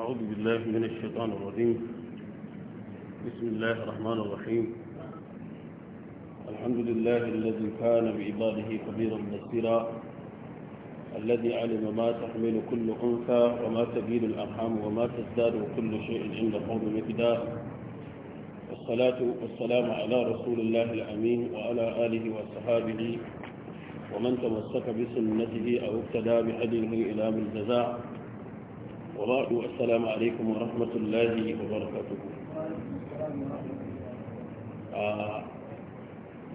أعوذ بالله من الشيطان الرجيم بسم الله الرحمن الرحيم الحمد لله الذي كان بعباده كبيرا بصيرا الذي علم ما تحمل كل أنثى وما تبين الأرحام وما تزداد وكل شيء عند قوم مكدا والصلاة والسلام على رسول الله الأمين وعلى آله وصحابه ومن تمسك بسنته أو اقتدى بهديه إلى من جزاء وبعد السلام عليكم ورحمة الله وبركاته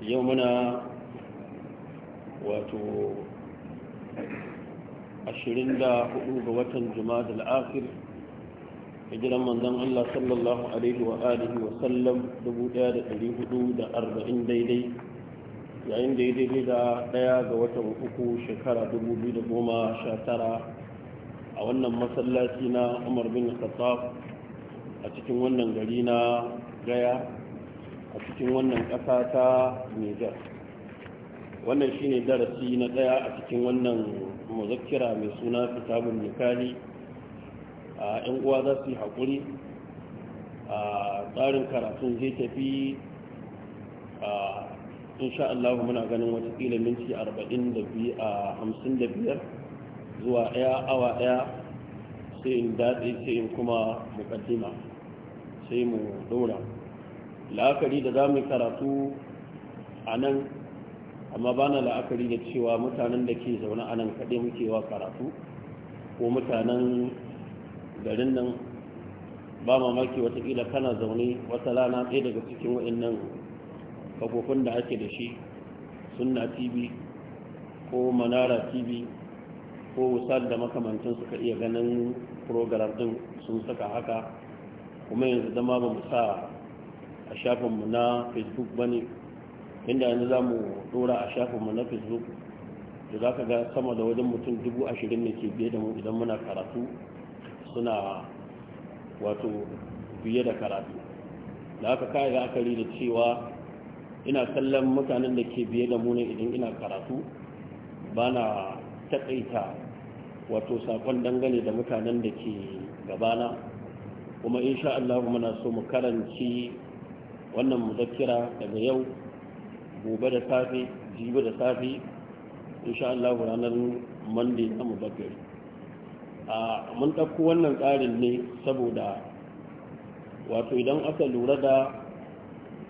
يومنا واتو عشرين لا حقوق وطن جماد الآخر هجرا من دم الله صلى الله عليه وآله وسلم دبودا دليه حدود أربعين ديدي yayin da ya daidai da daya ga watan uku shekara 2019 a wannan masallaci na umar bin khattab a cikin wannan gari na gaya a cikin wannan ƙasa ta niger wannan shine darasi na ɗaya a cikin wannan muzakkira mai suna kitabun nikali a yan uwa za su yi haƙuri a tsarin karatun zai tafi a insha muna ganin watakila minti 42 a 55 zuwa ɗaya awa ɗaya sai in daɗe sai in kuma muƙaddima sai mu ɗora la'akari da za mu karatu a nan amma ba na la'akari da cewa mutanen da ke zaune a nan kaɗai muke wa karatu ko mutanen garin nan ba mamaki watakila kana zaune wata rana ɗaya daga cikin waɗannan kafofin da ake da shi sunna tv ko manara tv ko wusar da makamancin suka iya ganin program din sun saka haka kuma yanzu dama ba mu sa a shafinmu na facebook ba ne inda yanzu za mu dora a shafinmu na facebook da za ka ga sama da wajen mutum dubu ashirin ne ke biye da mu idan muna karatu suna wato biye da karatu da aka kayi la'akari da cewa ina kallon mutanen da ke biye da mu ne idan ina karatu ba na taƙaita wato sakon dangane da mutanen da ke gabana kuma insha Allah muna so mu karanci wannan muzakira daga yau gobe da safe jibi da safe insha Allah ranar monday na muzakir a mun ɗauko wannan tsarin ne saboda wato idan aka lura da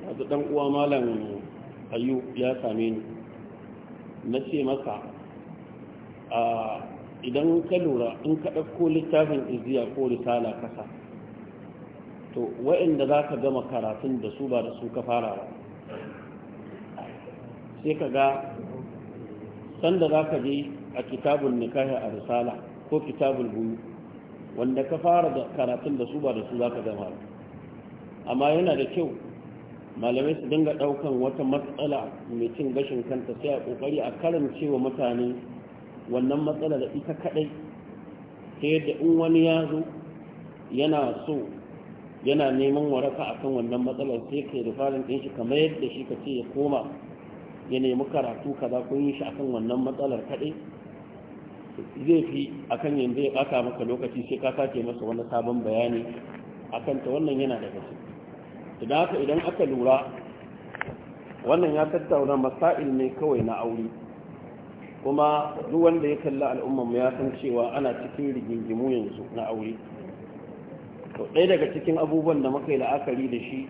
wato ɗan uwa malam ayu ya same ni na ce masa. idan ka lura in ka ɗauko littafin iziya ko risala kasa to wa'inda za ka gama karatun da su ba da su ka fara ba sai ka ga sanda za ka je a kitabun nikahi a risala ko kitabun gumi, wanda ka fara da karatun da su ba da su za ka gama ba. amma yana da kyau malamai su dinga ɗaukan wata matsala mai cin gashin kanta sai a ƙoƙari a karancewa mutane wannan matsalar ita kadai ta yadda in wani ya zo yana so yana neman waraka akan wannan matsalar sai ka yi rufarin ɗin shi kamar yadda shi ka ce ya koma ya nemi karatu ka, za ku yi shi akan wannan matsalar kaɗai zai fi akan yanzu ya ɓata maka lokaci sai ka sake masa wani sabon bayani akan ta wannan yana daga su idan haka idan aka lura wannan ya tattauna masail ne kawai na aure kuma duk wanda ya kalla al'ummar mu ya san cewa ana cikin rigingimu yanzu na aure to ɗaya daga cikin abubuwan da muka yi la'akari da shi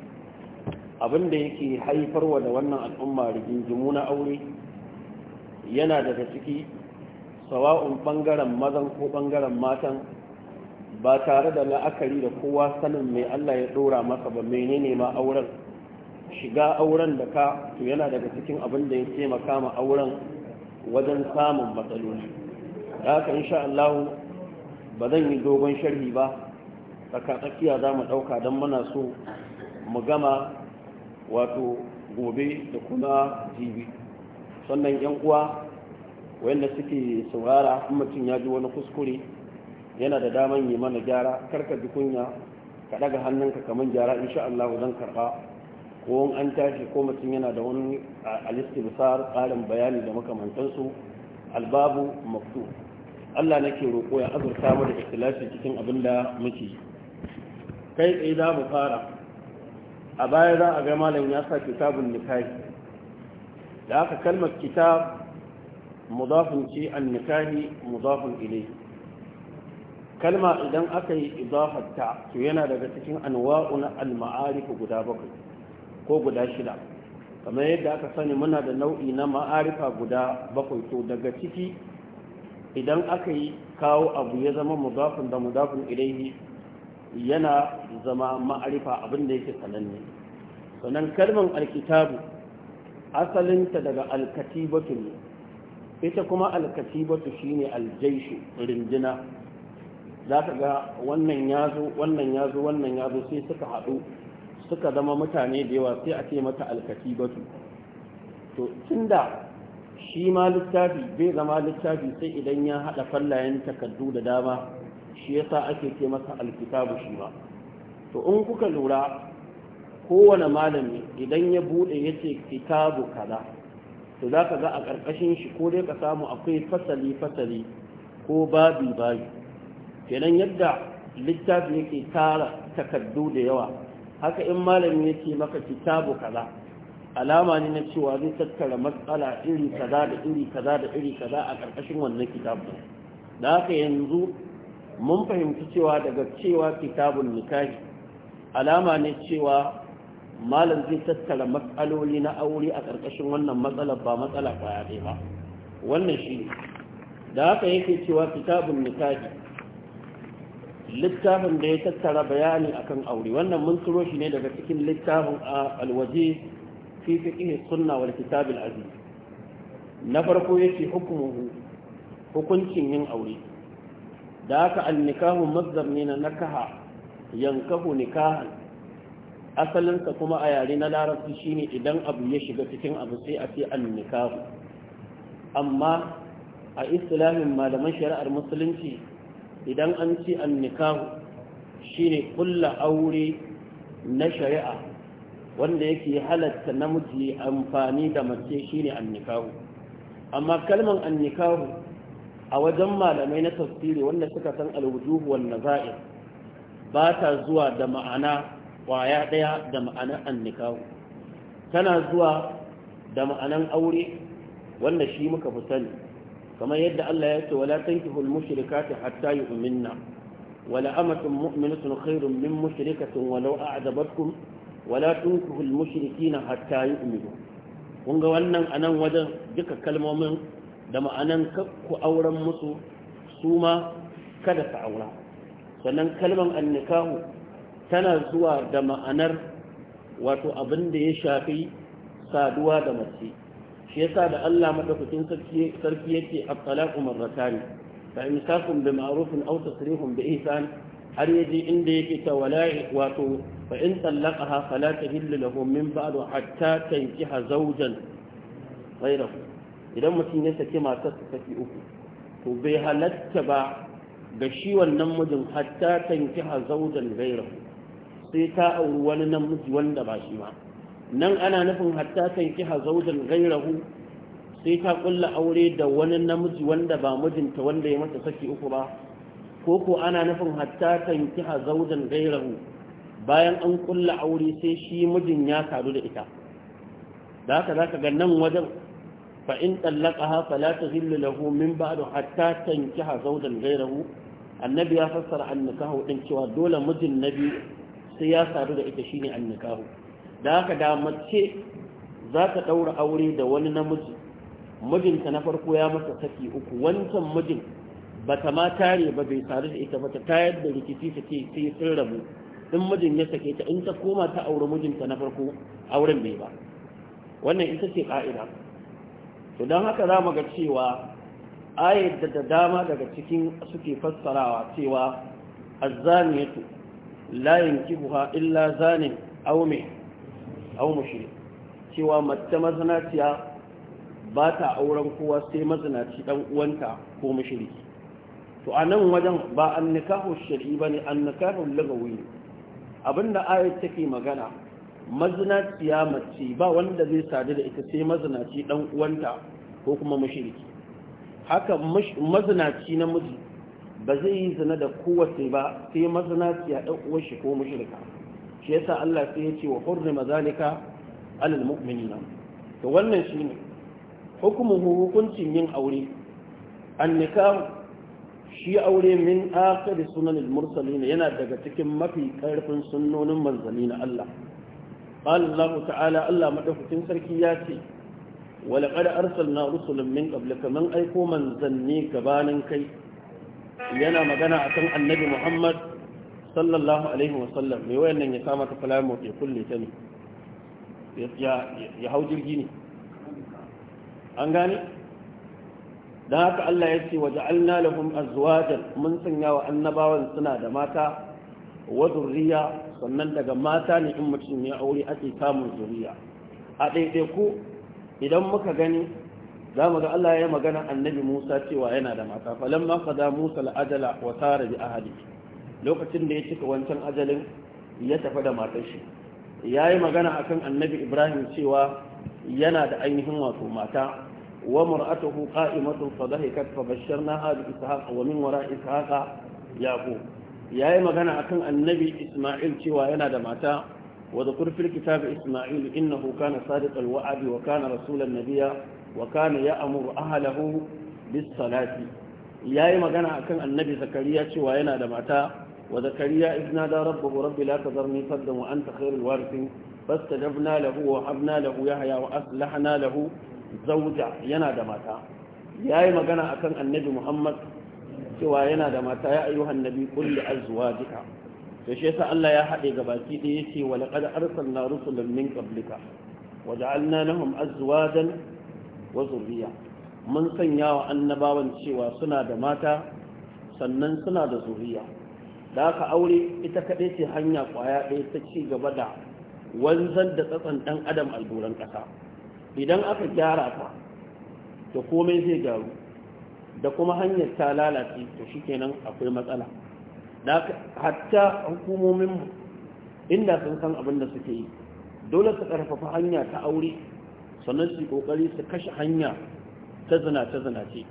abin da yake haifarwa da wannan al'umma rigingimu na aure yana daga ciki sawa'un ɓangaren mazan ko ɓangaren matan ba tare da la'akari da kowa sanin mai Allah ya ɗora maka ba menene ma auren shiga auren da ka to yana daga cikin abin da ya taimaka ma auren wajen samun matsaloli da haka insha Allah ba zan yi dogon sharhi ba tsakiya za mu ɗauka don muna so mu gama wato gobe da kuma jibi sannan yan uwa wayanda suke saurara mutum ya ji wani kuskure yana da daman yi mana gyara karka ji kunya ka daga hannunka kamar gyara insha Allah zan karba ko an tashi ko mutum yana da wani alistibsar ƙarin bayani da makamantansu albabu maktu Allah nake roƙo ya azurta mu da ikhlasi cikin abin da muke kai tsaye za mu fara a baya za a ga malam ya sa kitabun nikahi da aka kalmar kitab mudafin ci an nikahi mudafin ilayhi kalma idan aka yi idafarta to yana daga cikin alwa'u al-ma'arif guda bakwai ko guda shida kamar yadda aka sani muna da nau'i na ma'arifa guda bakwai to daga ciki idan aka yi kawo abu ya zama mudafin da mudafin ilaihi yana zama ma'arifa abin da yake sananne sannan kalmar alkitabu asalinta daga alkatibatu ne ita kuma alkatibatu shine aljaishu rindina za ka ga wannan yazo wannan yazo wannan yazo sai suka haɗu suka zama mutane da yawa sai a ce mata alkatibatu to tunda shi ma littafi bai zama littafi sai idan ya haɗa fallayen takardu da dama shi yasa ake ce masa alkitabu shi ma to in kuka lura kowane malami idan ya buɗe ya ce kitabu kaza to za ka ga a ƙarƙashin shi ko dai ka samu akwai fasali fasali ko babi babi kenan yadda littafi yake tara takardu da yawa haka in malami ce maka kitabu kaza alama ne na cewa zai tattara matsala iri kaza da iri kaza da iri kaza a ƙarƙashin wannan kitabun da haka yanzu mun fahimci cewa daga cewa kitabun nikahi alama ne cewa malam zai tattara matsaloli na aure a ƙarƙashin wannan matsalar ba matsala ba ya ba wannan shi da haka yake cewa kitabun nikahi littafin da ya tattara bayani akan aure wannan mun turo shi ne daga cikin littafin a alwaje fi fiqh sunna wal kitab aziz na farko yace hukumu hukuncin yin aure da haka an nikahu mazdar ne na nakaha yankahu nikahan asalinsa kuma a yare na larabci shine idan abu ya shiga cikin abu sai a ce an nikahu amma a islamin malaman shari'ar musulunci idan an ce an nikahu ne kulla aure na shari'a wanda yake halatta namiji amfani da mace shi ne an nikahu amma kalman an nikahu a wajen malamai na tafsiri wanda suka san alwujuhu wanda nazair ba ta zuwa da ma'ana kwaya daya da ma'anar an nikahu tana zuwa da ma'anan aure wanda shi muka fi sani kamar yadda Allah ya ce wala tankihul mushrikati hatta yu'minna wala amatun mu'minatun khairun min mushrikatin walau a'jabatkum wala tunkihul mushrikina hatta yu'minu kun ga wannan anan wajen duka kalmomin da ma'anan ku auren musu su ma kada ka aura sannan kalmar annikahu tana zuwa da ma'anar wato abin da ya shafi saduwa da mace shi yasa da Allah madaukakin sarki yake at-talaqu marratan fa imsakun bi ma'rufin aw tasrihun bi ihsan har yaji inda yake ta wala'i wato fa in talaqaha fala tahillu lahu min ba'du hatta tankiha zawjan ghayrahu idan mutum ya saki matar ta saki uku to bai halatta ba ga shi wannan mijin hatta tankiha zawjan ghayrahu sai ta auri wani namiji wanda ba shi ma. nan ana nufin hatta kan kiha zaujan gairahu sai ta kulla aure da wani namiji wanda ba mijinta wanda ya mata saki uku ba ko ko ana nufin hatta kan kiha zaujan gairahu bayan an kulla aure sai shi mijin ya sadu da ita da haka zaka ga nan wajen fa in tallaqaha fala tazillu lahu min ba'du hatta tankiha zawjan ghayrahu annabi ya fassara annikahu din cewa dole mijin nabi sai ya sadu da ita shine annikahu da haka da mace za ta ɗaura aure da wani namiji mijinta na farko ya masa saki uku wancan mijin ba ta ma tare ba bai sadu da ita ba ta tayar da rikici ta ce sai sun rabu in mijin ya sake ta in ta koma ta aure mijinta na farko auren bai ba wannan ita ce ka'ida to don haka za mu ga cewa ayar da da dama daga cikin suke fassarawa cewa azzaniyatu la yankihuha illa zanin aw mai au mushrik cewa mace mazinaciya ba ta auren kowa sai mazinaci dan uwanta ko mushriki to a nan wajen ba an nikahu shari'i bane an nikahu lagawi abinda ayat take magana mazinaciya mace ba wanda zai sadu da ita sai mazinaci dan uwanta ko kuma mushriki haka mazinaci namiji ba zai yi zina da kowace ba sai mazinaciya ɗan uwar shi ko mushrika shi yasa Allah sai ya ce wa hurrima zalika alal mu'minina to wannan shine hukumuhu hukuncin yin aure an nikah shi aure min akhir sunan mursalin yana daga cikin mafi karfin sunnonin manzanni na Allah qala Allah ta'ala Allah madaukakin sarki ya ce ولقد أرسلنا رسلا من قبلك من aiko من gabanin kai. Yana magana مغانا أكن Annabi Muhammad. sallallahu alaihi wasallam mai wayannan ya sa mata flamot ya kulle ta ne ya hau jirgi ne an gane don haka Allah ya ce waje an nalahun azuwajen mun sanya wa annabawan suna da mata wa zurriya sannan daga mata ne in mutum ya aure ake samun zuriya a ko idan muka gani za mu ga Allah ya magana annabi Musa cewa yana da mata falamma da Musa la'adala ajala wa sara bi ahlihi lokacin da ya cika wancan ajalin ya tafi da matar shi ya yi magana kan annabi ibrahim cewa yana da ainihin wato mata wa mar'atuhu qa'imatun fa dhahikat fa basharnaha bi ishaq wa min wara ishaqa yaqub ya yi magana akan annabi isma'il cewa yana da mata wa zakur isma'il Inna, kana sadiqal Wa'azi, wa kana rasulan nabiyya wa kana ya'muru ahlahu bis salati ya yi magana akan annabi zakariya cewa yana da mata وزكريا إذ نادى ربه رب لا تذرني فردا وأنت خير الوارثين فاستجبنا له ووهبنا له يحيى وأصلحنا له زوجا ينادى ماتا يا ما كان أكن النبي محمد سوى ينادى ماتا يا أيها النبي قل لأزواجك فشيس الله يا حقي قباكي ديسي ولقد أرسلنا رسلا من قبلك وجعلنا لهم أزواجا وذرية من سنيا وأنبا سوى سنة ماتا سنن سنة ذرية da aka aure ita kaɗai ce hanya ƙwaya ɗaya ta ci gaba da wanzan da tsatsan ɗan adam alburan ƙasa idan aka gyara ta da komai zai gyaru da kuma hanyar ta lalace to shikenan akwai matsala da hatta hukumomin inda sun san abin da suke yi dole su ƙarfafa hanya ta aure sannan su ƙoƙari su kashe hanya ta zina ta zina ce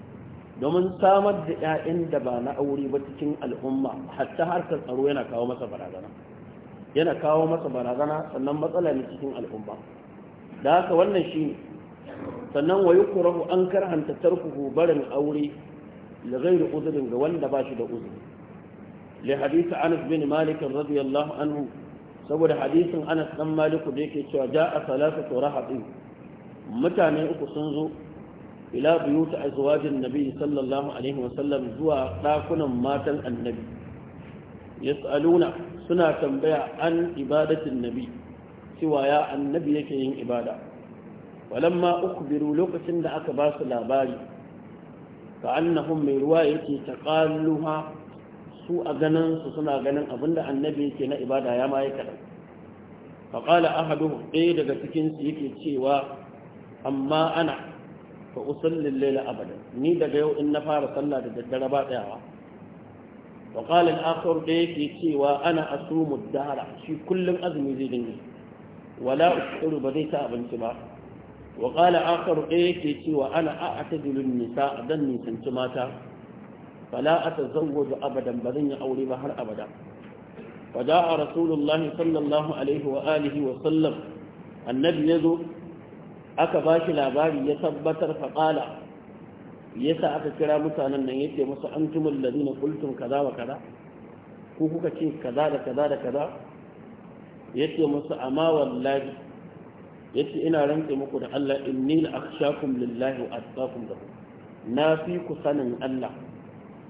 domin samar da 'ya'yan da ba na aure ba cikin al'umma hatta harkar tsaro yana kawo masa barazana yana kawo masa barazana sannan matsala ne cikin al'umma da haka wannan shi sannan wayi kurahu an karhanta tarkuhu barin aure da gairu uzurin ga wanda ba shi da uzuri li hadisi anas bin malik radiyallahu anhu saboda hadisin anas dan maliku da yake cewa ja'a salatu rahatin mutane uku sun zo ila buyuta azwajin nabi sallallahu alaihi wasallam zuwa dakunan matan annabi yas'aluna suna tambaya an ibadatin nabi cewa ya annabi yake yin ibada walamma ukhbiru lokacin da aka ba su labari ka annahum mai ruwa yake taqalluha su a ganin su suna ganin abinda annabi yake na ibada ya ma yi kadan fa qala ahaduhum daga cikin su yake cewa amma ana fa usallil layla abadan. ni daga yau in na fara sallah da daddare ba tsayawa wa qala al-akhar da yake cewa ana asumu dahara shi kullum azumi zai dinga wala usiru ba zai ta abinci ba wa qala akhar da yake cewa ana a'tadilu nisa dan nisanci mata fala atazawwaju abadan ba zan yi aure ba har abada فجاء رسول الله صلى wa عليه وآله وسلم النبي يزو aka ba shi labari ya tabbatar faƙala ya sa aka kira mutanen nan yake masu an jimar lari na kultun kaza wa kaza ko kuka ce kaza da kaza da kaza yake masu, amma wallahi yace ina rantse muku da Allah inni la akhshakum lillahi wa atqakum lahu na fi ku sanin Allah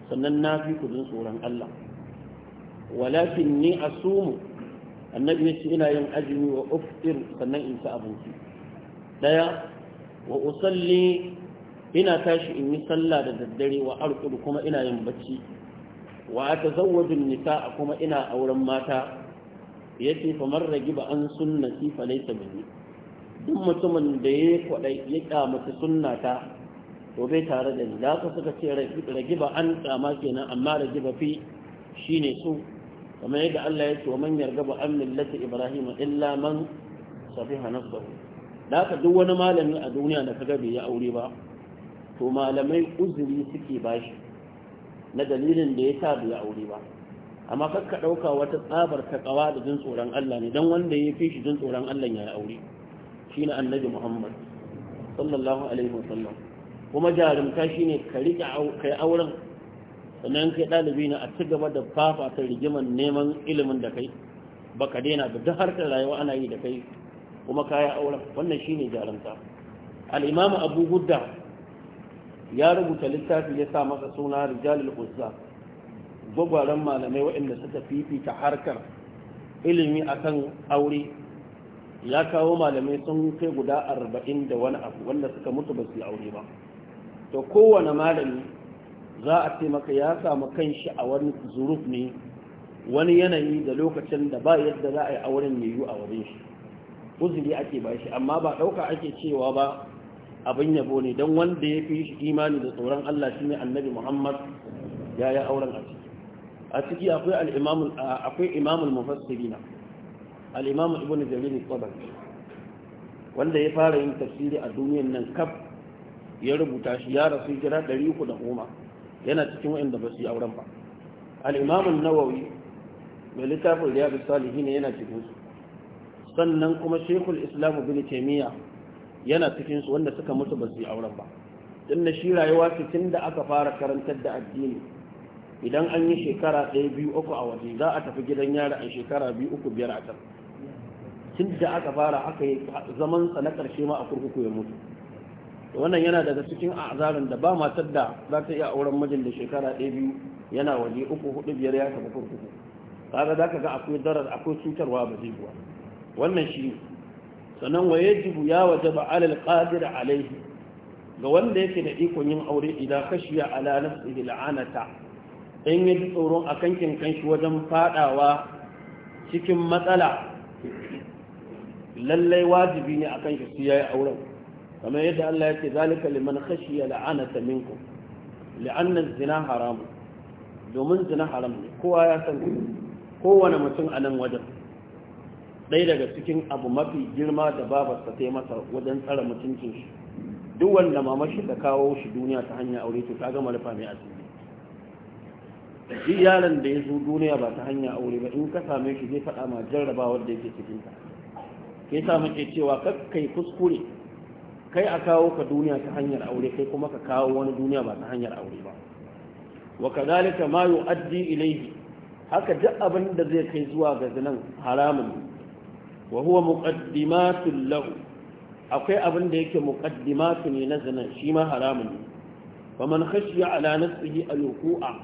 sannan na fi ku jin tsoron Allah walakin ni asumu annabi yace ina yin azumi wa uftir sannan in sa abinci daya wa usalli ina tashi in yi sallah da daddare wa arqud kuma ina yin bacci wa atazawwaju a kuma ina auren mata yace fa man ragiba an sunnati fa laysa minni duk mutumin da ya kwadai ya kyamata sunnata to bai tare da ni da ka suka ce ragiba an tsama kenan amma ragiba fi shine su kamar yadda Allah ya ce wa man yargaba an millati ibrahim illa man safiha nafsuhu da aka duk wani malami a duniya da kaga bai yi aure ba to malamai uzuri suke bashi na dalilin da ya sa bai aure ba amma ka ɗauka wata tsabar ta kawa da jin tsoron Allah ne don wanda ya fi shi jin tsoron Allah ya yi aure shi ne annabi Muhammad sallallahu alaihi wasallam kuma jarumta shi ne ka rike kai auren sannan kai ɗalibi ne a ci gaba da fafata rigiman neman ilimin da kai baka daina da duk harkar rayuwa ana yi da kai kuma kaya auren wannan shine ne al-imamu abu gudda ya rubuta littafi ya sa masa suna rijalul uzza gwagwaran malamai waɗanda suka fifita harkar ilimi akan aure ya kawo malamai sun kai guda arba'in da wani abu wanda suka mutu ba su yi aure ba to kowane malami za a ce maka ya samu shi a wani zuruf ne wani yanayi da lokacin da ba yadda za a yi auren yayu a wurin shi uzuri ake ba shi amma ba ɗauka ake cewa ba abin yabo ne don wanda ya fi shi imani da tsoron Allah ne annabi Muhammad ya yi auren a ciki a ciki akwai al akwai imamul mufassirina al ibnu jarir wanda ya fara yin tafsiri a duniyar nan kaf ya rubuta shi ya rasu jira 310 yana cikin wanda ba su yi auren ba al-imam an-nawawi mai littafin salihi salihin yana cikin su sannan kuma shekul islam bin taimiyya yana cikin su wanda suka mutu ba su yi auren ba tun da shi rayuwa ce tun da aka fara karantar da addini idan an yi shekara ɗaya biyu uku a waje za a tafi gidan yara a shekara biyu uku biyar a can tun da aka fara aka yi zaman sa na ƙarshe ma a kurkuku ya mutu wannan yana daga cikin azarin da ba matar da za ta iya auren mijin da shekara ɗaya biyu yana waje uku hudu biyar ya tafi kurkuku kaga za ka ga akwai darar akwai cutarwa ba zai wannan shi sannan wa yajibu ya wajaba alal qadir alaihi ga wanda yake da ikon yin aure idan kashiya ala nafsihi la'anata in yi tsoron akan kin kanshi wajen fadawa cikin matsala lallai wajibi ne a kanshi su ya yi auren kamar yadda Allah ya ce zalika liman khashiya la'anata minkum la'anna zina haramu domin zina haram ne kowa ya san kowane mutum a nan wajen ɗaya daga cikin abu mafi girma da babarsa ta masa wajen tsara mutuncin shi duk wanda shi ta kawo shi duniya ta hanyar aure to ta gama rufa mai asiri shi yaron da ya zo duniya ba ta hanyar aure ba in ka same shi zai faɗa ma jarraba wanda yake cikin ka ke sa muke cewa kai kuskure kai a kawo ka duniya ta hanyar aure kai kuma ka kawo wani duniya ba ta hanyar aure ba wa kadalika ma yu'addi ilayhi haka duk abin da zai kai zuwa ga zinan haramun wa huwa abin da yake muqaddimatu ne na zina shi ma haramun ne fa man khashiya ala nafsihi alwuqa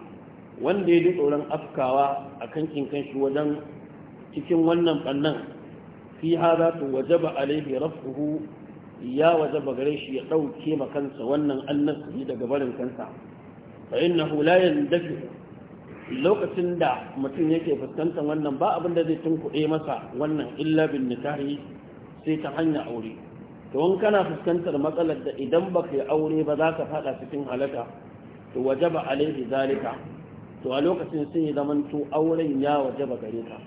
wanda ya ji tsoron afkawa akan kinkan shi wajen cikin wannan bannan fi hada to wajaba alaihi rafuhu ya wajaba gare shi ya dauke ma kansa wannan annabi daga barin kansa fa hula ya yandafi lokacin da mutum yake fuskantar wannan ba abin da zai tunkuɗe masa wannan illa bin nikahi sai ta hanya aure to in kana fuskantar matsalar da idan baka yi aure ba za ka faɗa cikin halaka to wajaba alaihi zalika to a lokacin sai ya zamanto auren ya wajaba gare ka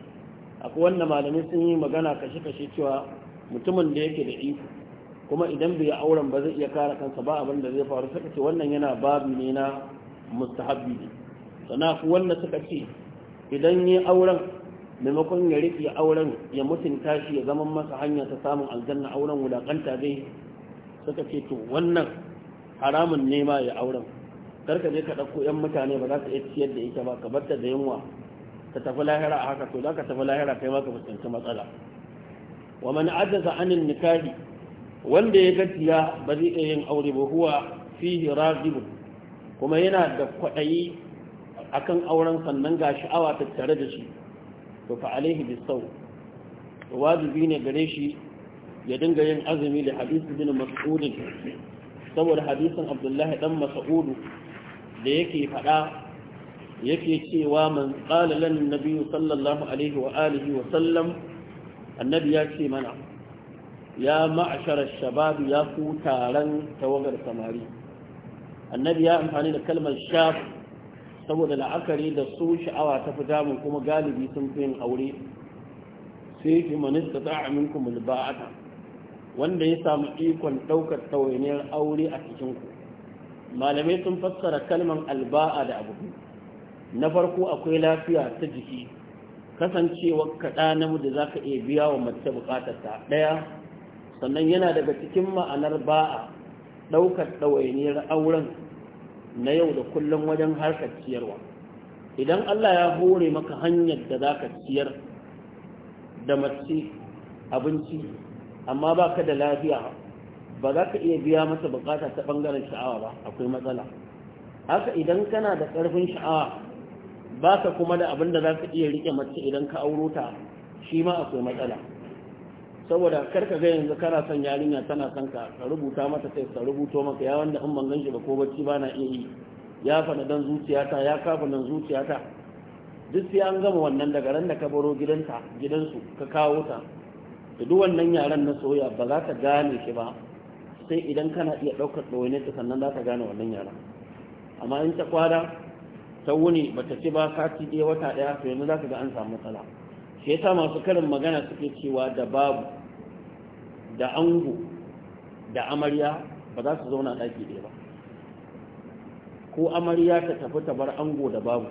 akwai wanda malamai sun yi magana kashe-kashe cewa mutumin da yake da iko kuma idan bai auren ba zai iya kare kansa ba abin da zai faru suka ce wannan yana babu ne na mustahabbi ne sana wanda suka ce idan yi auren maimakon ya rike auren ya mutunta shi ya zama masa hanya ta samun aljanna auren wulaƙanta zai suka ce to wannan haramun nema ya auren karka je ka ɗauko 'yan mutane ba za ka iya ciyar da ita ba ka barta da yunwa ka tafi lahira a haka to za ka tafi lahira kai ma ka fuskanci matsala wa man ajaza anin nikahi wanda ya gajiya ba zai iya yin aure ba huwa fihi radibun kuma yana da kwaɗayi akan auren sannan ga sha'awa tare da shi to fa alaihi bisau wajibi ne gare shi ya dinga yin azumi da hadisi bin mas'ud saboda hadisin abdullahi dan mas'ud da yake fada yake cewa man qala lan nabi sallallahu alaihi wa alihi wa sallam annabi ya ce mana ya ma'ashara shabab ya ku taran tawagar samari annabi ya amfani da kalmar shaf. saboda la'akari da su sha'awa ta fi damun kuma galibi sun fi yin aure sai yake manista ta aminku ta. wanda ya samu ikon ɗaukar ɗawainiyar aure a cikinku malamai sun fassara kalman alba'a da abu na farko akwai lafiya ta jiki kasancewar kaɗa da za ka iya biya wa mace ta ɗaya sannan yana daga cikin ma'anar ba'a ɗaukar ɗawainiyar auren na yau da kullum wajen harkar ciyarwa idan Allah ya hore maka hanyar da za ka ciyar da mace abinci amma ba ka da lafiya ba za ka iya biya masa bukata ta bangaren sha'awa ba akwai matsala haka idan kana da ƙarfin sha'awa ba ka kuma da abin da za ka iya riƙe mace idan ka auro ta shi ma akwai matsala saboda karka ga yanzu kana son yarinya tana son ka ka rubuta mata sai ka rubuto maka ya wanda in ban ganshi ba ko bacci ba na iya yi ya fana dan zuciyata ya kafa dan zuciyata duk sai an gama wannan daga ran da ka baro gidanta gidansu ka kawo ta da duk wannan yaran na soya ba za ka gane shi ba sai idan kana iya ɗaukar ɗawaine ta sannan za ka gane wannan yaran amma in ta kwada ta wuni ba ta ci ba kati ɗaya wata daya to yanzu za ka ga an samu matsala shi yasa masu karin magana suke cewa da babu da ango da amarya ba za su zauna ɗaki ɗaya ba ko amarya ta tafi ta bar ango da babu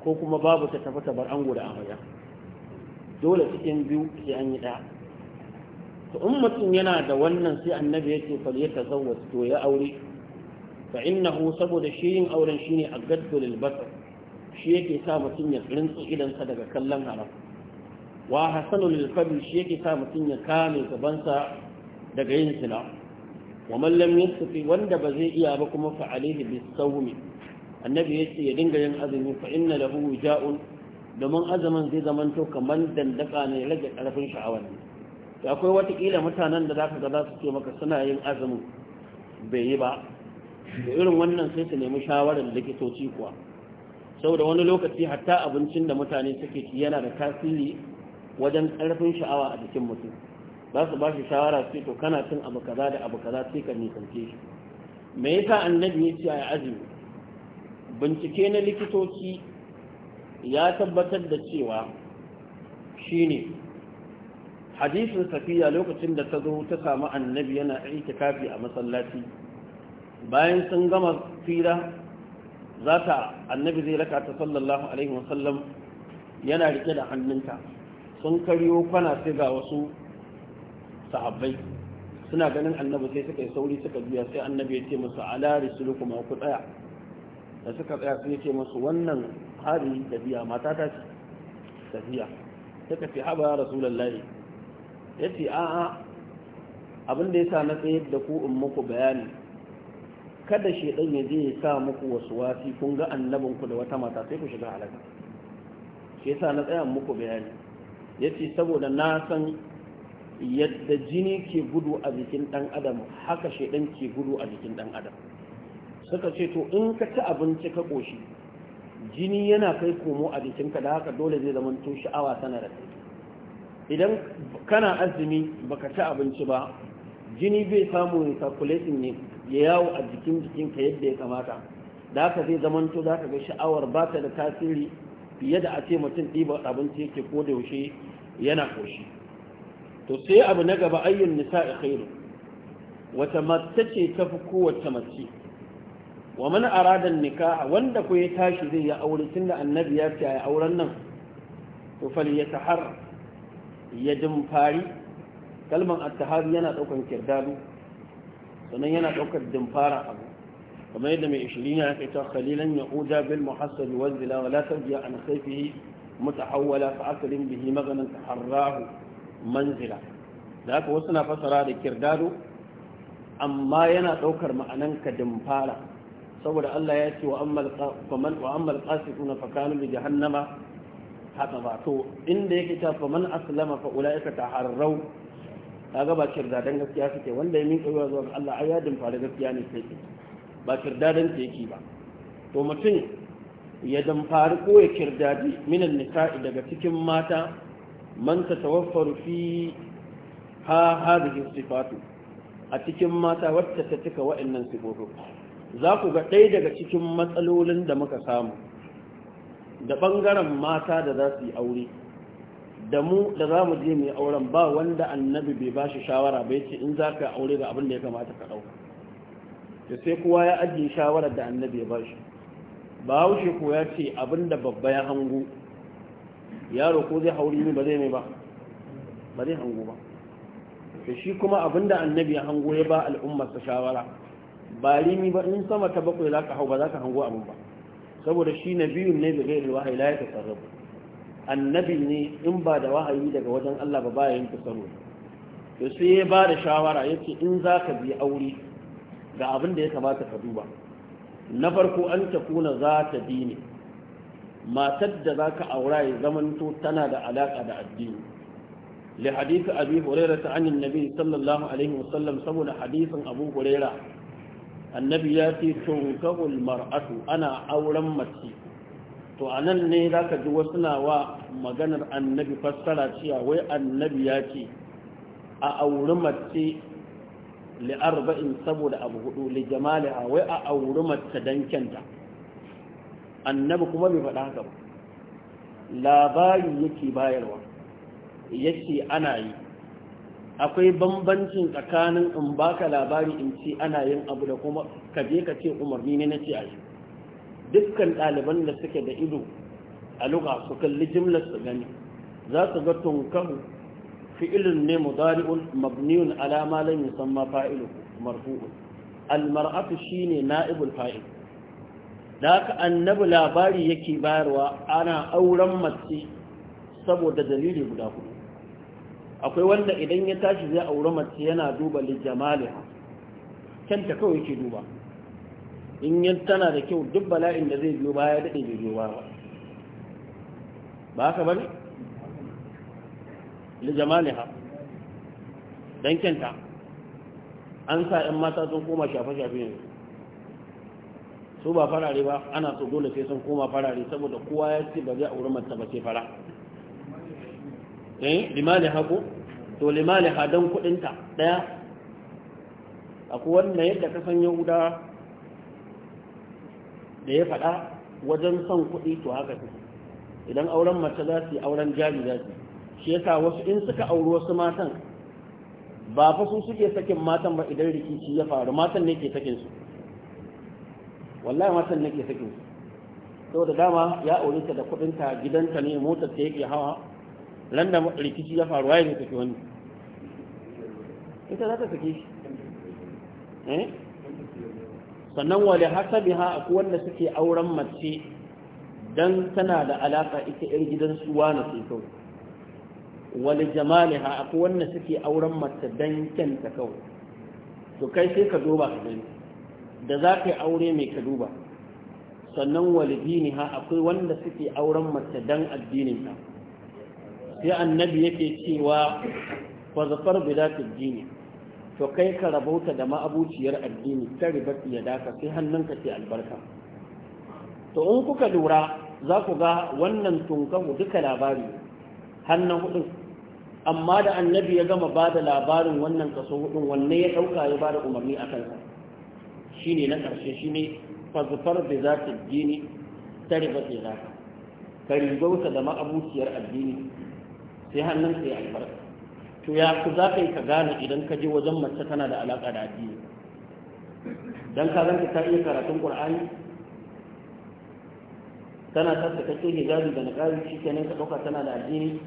ko kuma babu ta tafi ta bar ango da amarya dole cikin biyu sai an yi ɗaya to in mutum yana da wannan sai annabi ce fal ta zauwa to ya aure fa innahu saboda shi yin auren shine a lil basar shi yake sa mutum ya rintsu idan sa daga kallon haram wa lil qabl shi yake sa mutum ya kame gabansa daga yin sila wa man lam yastati wanda ba zai iya ba kuma fa alaihi bis sawmi annabi yace ya dinga yin azumi fa inna lahu ja'un domin azumin zai zamanta kamar dandaka ne rage karfin sha'awar to akwai watakila mutanen da zaka ga za su ce maka suna yin azumi bai yi ba da irin wannan sai su nemi shawarar likitoci kuwa saboda wani lokaci hatta abincin da mutane suke ci yana da tasiri wajen ƙarfin sha'awa a jikin mutum za su ba shi shawara su to kana cin abu kaza da abu kaza sai ka nisance shi me yasa annabi ya ce a azumi bincike na likitoci ya tabbatar da cewa shine hadisin safiya lokacin da ta zo ta samu annabi yana aiki kafi a masallaci bayan sun gama fira za ta annabi zai raka ta sallallahu alaihi wasallam yana rike da hannunta sun karyo kwana sai ga wasu sahabbai suna ganin annabi sai suka yi sauri suka biya sai annabi ya ce musu ala risulukum ku tsaya da suka tsaya sai ya ce musu wannan hari da biya mata ta ce tafiya suka ce haba ya rasulullahi ya ce a'a abin da ya sa na tsayar da ku in muku bayani kada shedan ya je ya sa muku wasu wasi kun ga annabinku da wata mata sai ku shiga halaka shi sa na tsaya muku bayani ya ce saboda na san yadda jini ke gudu a jikin ɗan adam haka shaidan ke gudu a jikin ɗan adam suka ce to in ka ci abinci ka ƙoshi jini yana kai komo a jikinka da haka dole zai zama to sha'awa tana da kai idan kana azumi baka ci abinci ba jini bai samu ne calculating ne ya yawo a jikin jikinka yadda ya kamata da haka zai zama to za ka ga sha'awar ba ta da tasiri fiye da a ce mutum ɗiba abinci yake ko da yaushe yana koshi to sai abu na gaba ayyun a khairu wata mata ce ta fi kowace mace wa mana aradan nikaha wanda ko ya tashi zai ya aure tun da annabi ya fi a auren nan to fal tahar ya dimfari kalman at-tahar yana ɗaukar kirdadu sannan yana ɗaukar dimfara abu kamar yadda mai ishirin ya kai ta khalilan ya uja bil muhassab wal zila wala tarjiya an sayfihi mutahawwala fa asalin bihi maganan taharrahu manzila da haka wasu na fasara da kirdado amma yana ɗaukar ma'anan dimfara saboda Allah ya ce wa ammal faman wa ammal qasifuna fa kanu bi jahannama haka ba to inda yake ta faman aslama fa ulaika taharraw kaga ba kirdadan gaskiya suke wanda ya min minka zuwa ga Allah ai ya dimfara gaskiya ne sai ba kirdadan ta yake ba to mutum ya damfari ko ya kirdadi minan nisa'i daga cikin mata man ta tawaffaru fi ha hadhihi sifatu a cikin mata wacce ta cika wa'annan sifofin za ku ga ɗaya daga cikin matsalolin da muka samu da ɓangaren mata da za su yi aure da mu da za mu je mai auren ba wanda annabi bai ba shi shawara bai ce in za ka aure ga abin da ya kamata ka ɗauka da sai kowa ya ajiye shawarar da annabi ya bashi ba haushe ko ya ce abinda babba ya hango yaro ko zai hauri ne ba zai mai ba ba zai hango ba da shi kuma abinda annabi ya hango ya ba al'ummar ta shawara ba rimi ba in sama ta bakwai za ka hau ba za ka hango abin ba saboda shi na biyun ne da gairin wahayi la ya tasarrafu annabi ne in ba da wahayi daga wajen Allah ba ba ya yin tasarrufu to sai ya ba da shawara yace in za ka bi aure ga abin da ya kamata ka duba na farko an ta kuna za ta dini matar da za ka aura ya zamanto tana da alaƙa da addini li hadisi abi hurairah ta anin nabi sallallahu alaihi wasallam saboda hadisin abu annabi ya ce tunkahul mar'atu ana auren mace to a nan ne za ka ji wasu na wa maganar annabi fassara cewa wai annabi ya ce a auri mace li saboda abu hudu li jamaliha wai a auri mace dan kyanta annabi kuma bai faɗa haka ba labari yake bayarwa yake ana yi akwai bambancin tsakanin in baka labari in ce ana yin abu da kuma ka je ka ce umarni ne na ce a yi dukkan ɗaliban da suke da ido a luka su kalli jimlar su gani za su ga tunkaru fi'ilun ne mudari'un mabniyun ala ma lam yusamma fa'ilu marfu'un al-mar'atu shine na'ibul fa'il da haka annabi labari yake bayarwa ana auren mace saboda dalili guda hudu akwai wanda idan ya tashi zai aure mace yana duba lijamaliha kanta kawai yake duba in yan tana da kyau duk bala'in da zai biyo baya daɗe bai biyo baya ba haka bane li jamaliha dan kyanta an sa yan mata sun koma shafe-shafe ne su ba farare ba ana so dole sai sun koma farare saboda kowa ya ce ba zai auri mata ba ce fara eh limaliha ko to limaliha dan kudinta daya akwai wannan yadda ka san yahuda da ya faɗa wajen son kuɗi to haka su idan auren mace za su yi auren jari za su yi shi yasa wasu in suka auri wasu matan ba fa su suke sakin matan ba idan rikici ya faru matan ne ke sakin su wallahi matan ne ke sakin su saboda dama ya aure ta da kudin ta gidanta ne motar ta yake hawa ran da rikici ya faru waye ne take wani ita za ta saki shi eh sannan wale hasabiha akwai wanda suke auren mace dan tana da alaka ita yar gidan suwa na sai kawai wani jamaliha akwai wanda suke auren mace don kyanta kawai to kai sai ka duba ka gani da za ka yi aure mai ka duba sannan walidini ha akwai wanda suke auren mace don addinin ta sai annabi yake cewa fazafar ta jini to kai ka rabauta da ma'abuciyar addini ta riba ya daka sai hannunka ce albarka to in kuka lura za ku ga wannan tunkahu duka labari hannun hudun amma da annabi ya gama ba da labarin wannan kaso hudun wanne ya dauka ya ba da umarni a kansa shi ne na ƙarshe shi ne fazufar da za ta gini ta riba ce za ka ka rigauta da ma'abuciyar addini sai hannun sai albarka to ya ku za ka yi ka gane idan ka je wajen mace tana da alaƙa da addini don ka zanta ta iya karatun ƙur'ani tana ta ta kake hijabi da niqabi shi kenan ka ɗauka tana da addini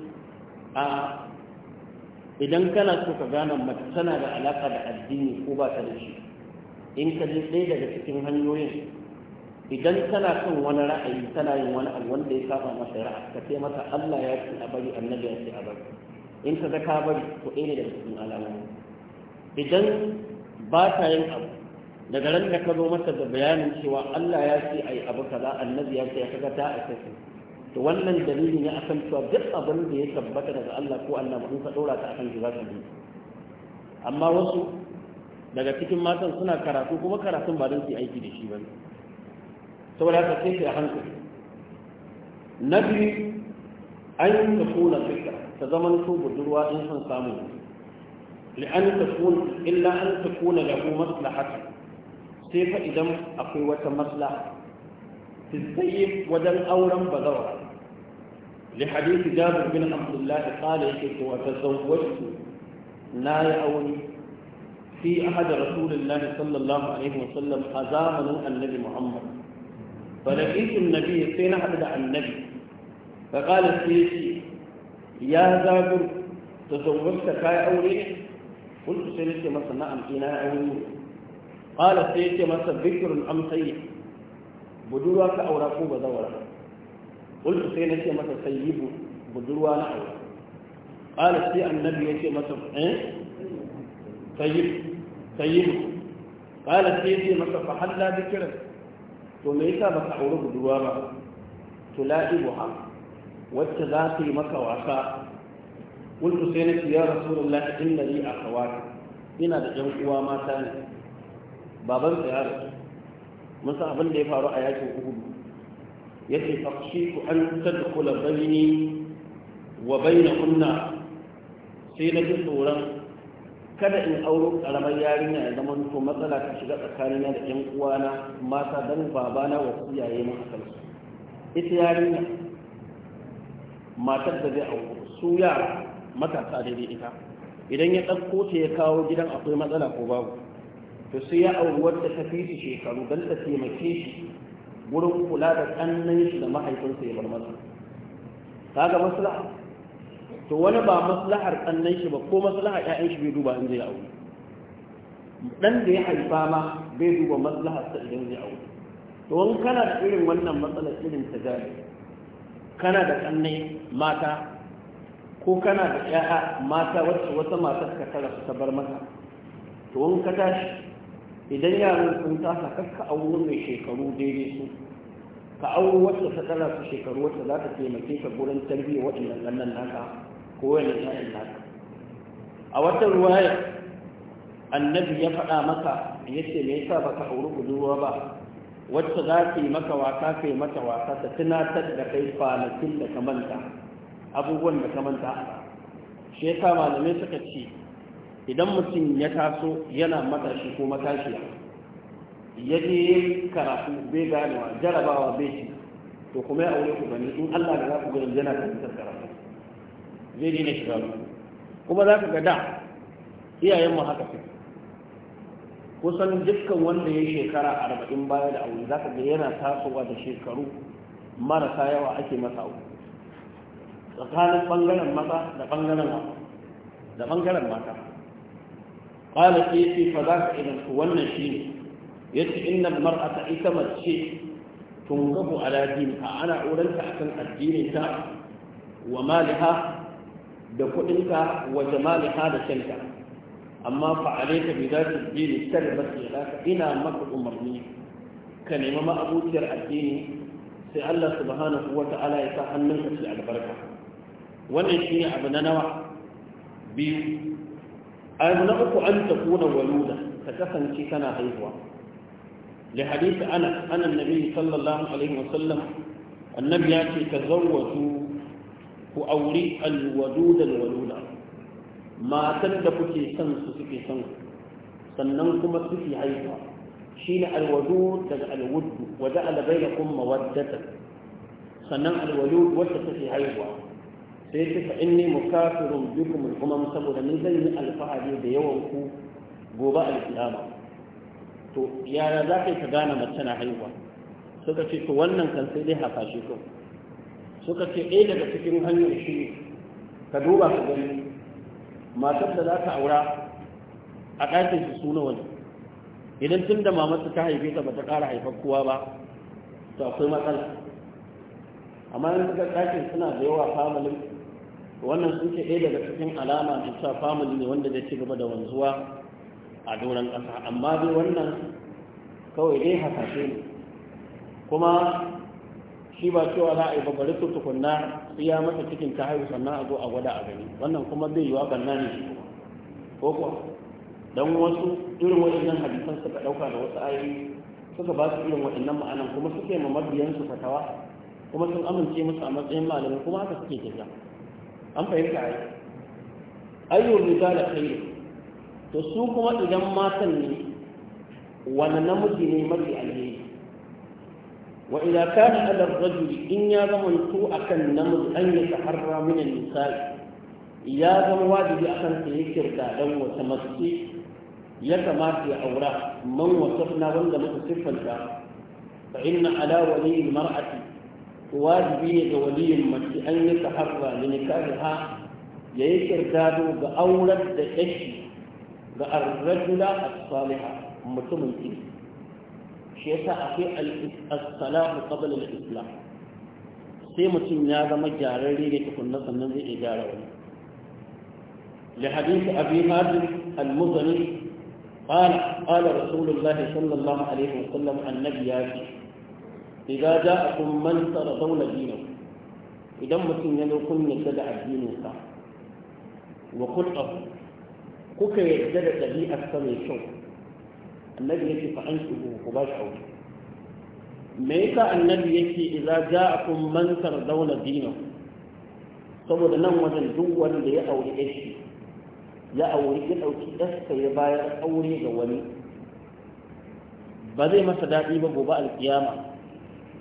a idan kana so ka gane mace tana da alaƙa da addini ko ba ta da shi in ka je ɗaya daga cikin hanyoyin idan tana son wani ra'ayi tana yin wani abu wanda ya saba masa ra'a ka ce mata Allah ya ce a bari annabi ya ce a bari in ka ga ka bari to ɗaya ne daga cikin alamomi idan ba ta yin abu daga ran da ka zo masa da bayanin cewa Allah ya ce a yi abu kaza annabi ya ce ya kaga ta a kai to wannan dalilin ne akan cewa duk abin da ya tabbata daga Allah ko annabi in ka dora ta akan za ka bi amma wasu daga cikin matan suna karatu kuma karatun ba don su aiki da shi ba saboda haka sai sai hankali na biyu an yi ta kuna fika ta zama su budurwa in son samu li'an ta kuna illa an ta kuna lahu maslahatu sai fa idan akwai wata maslaha tisayi wajen auren bazawa لحديث جابر بن عبد الله قال يكيك وتزوجت لا يأوني في أحد رسول الله صلى الله عليه وسلم أزامن النبي محمد فلقيت النبي سين حدد عن النبي فقال سيدي يا جابر تزوجت كاي أولي قلت سيدي مثلا نعم إنا أولي قال سيدي مثلا بكر أم سيد بدورك أو ركوب دورك قلت سي شيء مثل سيب بدروا نحو قال سي النبي شيء مثل سيب سيب قال سي شيء مثل فحلى بكرة ثم يسا بس أولو بدروا ما تلائبها والتذاتي مكة وعشاء قلت سي سينا يا رسول الله إن لي أخوات ina da ƴan uwa mata ne babansa mun san abin da ya faru a yakin uhudu yace tafshiku an tadkhula bayani wa kunna, sai na ji tsoron kada in auro karamar yarinya ya zama to matsala ta shiga tsakanina da ƴan uwana mata dan babana wa iyaye mun akan su ita yarinya matar da zai auro su yara matasa daidai ita idan ya ɗauko ta ya kawo gidan akwai matsala ko babu to sai ya auri wadda ta fi shi shekaru don ta taimake shi wurin kula da kannan shi da mahaifinsa ya bar masa kaga maslaha to wani ba maslahar kannan shi ba ko maslahar ƴaƴan shi bai duba in zai aure dan da ya haifa ma bai duba maslahar sa idan zai aure to wani kana da irin wannan matsalar irin ta gari kana da kannai mata ko kana da ƴaƴa mata wacce wata matar ka tara ta bar maka to wani ka tashi idan yaron sun tasa kakka auro mai shekaru daidai su ka auro wacce ta tsara su shekaru wacce za ta taimake ka gurin tarbiyyar waɗannan ɗannan naka ko wani ɗannan naka a wata ruwa annabi ya faɗa maka ya ce me yasa baka auri budurwa ba wacce za ta yi maka wasa ka yi mata wasa ta tunatar da kai kwanakin da ka manta abubuwan da ka manta shi malamai suka ce idan mutum ya taso yana matashi ko matashiya ya je karatu bai ganewa jarabawa bai ci to kuma ya aure ku gani in Allah da za ku gani yana karantar karatu zai daina shiga ku kuma za ka ga da iyayenmu haka ce. kusan dukkan wanda ya yi shekara arba'in baya da aure za ka ga yana tasowa da shekaru marasa yawa ake masa aure tsakanin ɓangaren maza da ɓangaren da ɓangaren mata ƙwale ke fi fa za ka idanku wannan shi ne ya ce ina mar'ata ita mace tun gabu a lajin a ana ƙoranta a kan wa maliha da kuɗinka waje maliha da shanta amma fa a ne ka za ka ji ne sarri ba ce za ka ina maka umarni ka nema ma'abuciyar addini sai Allah subhanahu wa ta'ala ya sa hannunka su albarka wannan shi ne abu na nawa biyu na uku an ta kuna waluda ta kasance tana haihuwa da hadisi ana anan nabi sallallahu alaihi wasallam annabi ya ce ta zawwatu ku auri alwaduda waluda matan da kuke son su suke son sannan kuma suke haihuwa shi ne alwadu daga alwudu wa ja'ala bainakum mawaddatan sannan alwalud wacce take haihuwa sai ce fa inni mukafirun bikum al-umam saboda ni zan yi alfahari da yawan ku gobe al-qiyama to yara za ka yi ka gane mace na haihuwa suka ce to wannan kan sai dai haka shi kun suka ce ɗaya eh, daga cikin hanyar shi ka duba ka gani matar da za ka aura a ɗakin su suna wani idan tun da mamarsa ta haife ta bata ƙara haifar kowa ba to akwai matsala amma yanzu ga ɗakin suna da yawa famalin wannan sun ce ɗaya daga cikin alama da sa famili ne wanda zai ci gaba da wanzuwa a doron ƙasa amma dai wannan kawai dai hasashe ne kuma shi ba cewa za a yi babbar su tukunna ya mata cikin ta haihu sannan a zo a gwada a gani wannan kuma bai yiwa banna ne shi kuma ko kuwa don wasu irin waɗannan hadisan suka ɗauka da wasu ayoyi suka ba su irin waɗannan ma'anan kuma suke ma mabiyansu fatawa kuma sun amince musu a matsayin malamai kuma haka suke tafiya an fahimta ai ayyul rijal khairu to su kuma idan matan ne wani namiji ne mafi alheri wa idza kana ala ar-rajul in ya zamanto akan namiji an ya taharra min an-nisa ya zama wajibi akan sa yake dan wata mace ya kamata ya aura man wasafna wanda muka siffanta fa inna ala wali mar'ati wajibi ga waliyin mace an yi taharra da nikahiha ya yi kirdado ga aurar da yashi ga arrajula a saliha mutumin kirki shi yasa akwai al-salahu qabla al-islam sai mutum ya zama gyararre ne tukunna sannan zai iya gyara wani لحديث أبي هازم المزني قال قال رسول الله صلى الله عليه وسلم عن نبي za a ja'akum man taradawna dinahu idan mutum ya zo kun yarda da addininsa wa kullahu kuka yarda da ɗabi'arsa mai kyau annabi yake fa an shigo ku ba shi aure me yasa annabi yake za a ja'akum man taradawna dinahu saboda nan wajen duk wanda ya aure shi ya auri, ya dauki ɗansa ya bayar aure ga wani ba zai masa daɗi ba gobe alƙiyama.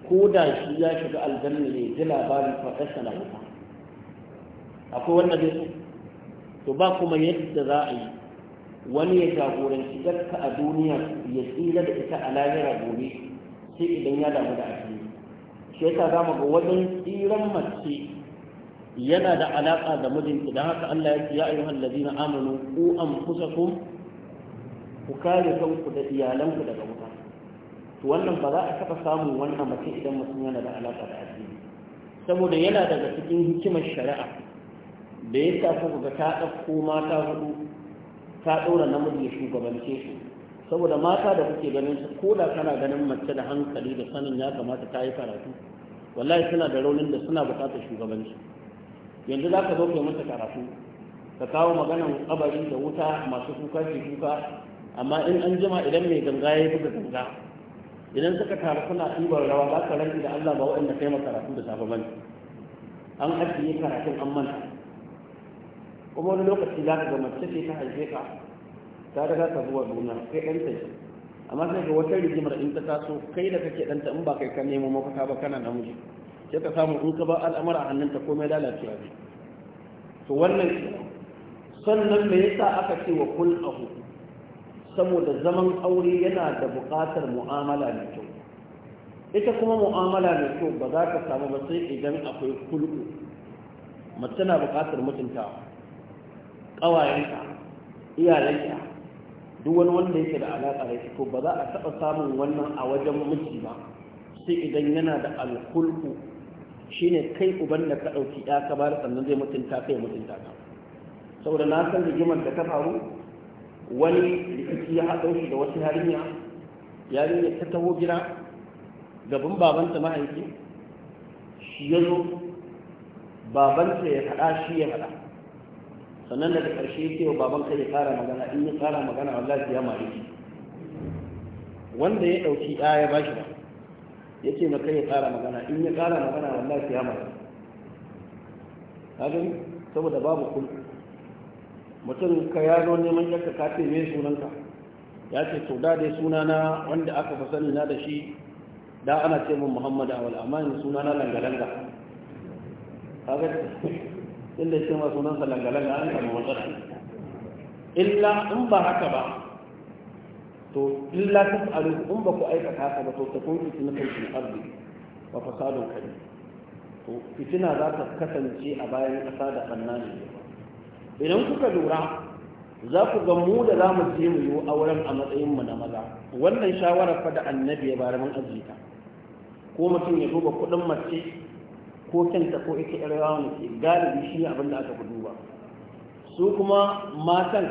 ko da shi ya shiga aljanna ne ji labarin faɗarsa wuta akwai wannan zai so to ba kuma yadda za a yi wani ya jagoranci ɗarka a duniya ya tsira da ita a lahira gobe sai idan ya damu da asiri shi yasa za mu ga wajen tsiran mace yana da alaƙa da mijinki don haka Allah ya ce ya ayyuhan allazina amanu ku anfusakum ku kare kanku da iyalanku daga wuta to wannan ba za a taɓa samun wannan mace idan mutum yana da alaƙa da addini saboda yana daga cikin hikimar shari'a da ya sa ku ga ta ɗauko mata hudu ta ɗora namiji ya shugabance su saboda mata da kuke ganin su ko da kana ganin mace da hankali da sanin ya kamata ta yi karatu wallahi suna da raunin da suna buƙatar shugabanci yanzu za ka zo kai mata karatu ka kawo maganan kabari da wuta masu kuka su kuka amma in an jima idan mai ganga ya buga ganga idan suka taru suna ɗibar rawa za ka rantsi da Allah ba waɗanda kai karatu da safe bane an ajiye karatun an manta kuma wani lokaci za ka ga mace ce ta haife ka ta daga ta zuwa duniya kai ɗan ɗanta ce amma sai ga wata rigimar in ta taso kai da kake ɗanta in ba kai ka nemo mafaka ba kana namiji sai ka samu in ka ba al'amura a hannunta komai lalacewa ne to wannan sannan me yasa aka ce wa kul ahu saboda zaman aure yana da buƙatar mu'amala mai kyau ita kuma mu'amala mai kyau ba za ka samu ba sai idan akwai kulku mace na buƙatar mutuntawa ƙawayenta iyayenta duk wani wanda yake da alaƙa da ko ba za a taɓa samun wannan a wajen miji ba sai idan yana da alkulku shine kai uban da ka ɗauki ya ka da sannan zai mutunta kai mutunta ka saboda na san rigimar da ka faru wani rikici ya haɗo shi da wasu yarinya yarinya ta taho gida gaban babanta mahaifi shi ya zo babanta ya faɗa shi ya faɗa sannan daga ƙarshe ya ce wa baban ya fara magana in ya fara magana wallahi ya mare shi wanda ya ɗauki ɗaya ya bashi ba ya ce maka ya fara magana in ya fara magana wallahi ya mare shi saboda babu kullu mutum ka yaro neman yarka ka ce mai sunanka ya ce to da dai sunana wanda aka fi sani na da shi da ana ce min muhammad awal amma yanzu sunana langalanga kaga inda ce ma sunansa langalanga an samu matsala illa in ba haka ba to illa ta fa'alu in ba ku aika haka ba to ta kun fitina kan shi arzi wa fasadun kai to fitina za ta kasance a bayan ƙasa da ɓanna ne ba idan kuka lura za ku ga mu da za mu je mu yi auren a matsayinmu na maza wannan shawarar fa da annabi ya bari mun ajiyata ko mutum ya duba kuɗin mace ko kyanta ko ita ƴar yawa mace galibi shi ne abin da aka fi duba su kuma matan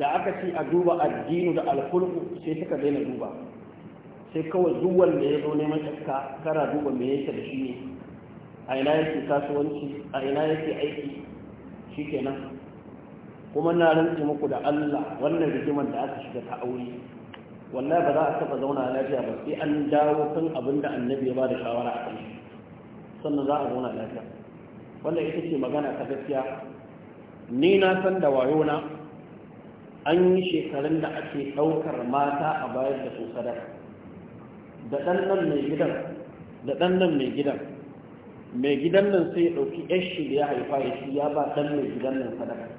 da aka ci a duba addini da alkulku sai suka daina duba sai kawai duk wanda ya zo neman iska kara duba me yake da shi ne a ina yake kasuwanci a ina yake aiki shikenan kuma na rantsi muku da Allah wannan rigimar da aka shiga ta aure wallahi ba za a taba zauna lafiya ba sai an dawo kan abin da annabi ya ba da shawara a kan sannan za a zauna lafiya wannan ita ce magana ta gaskiya ni na san da wayo na an yi shekarun da ake ɗaukar mata a bayar da su sadar. da ɗan nan mai gidan da ɗan nan mai gidan mai gidan nan sai ya ɗauki yashi da ya haifa ya shi ya ba ɗan mai gidan nan sadaka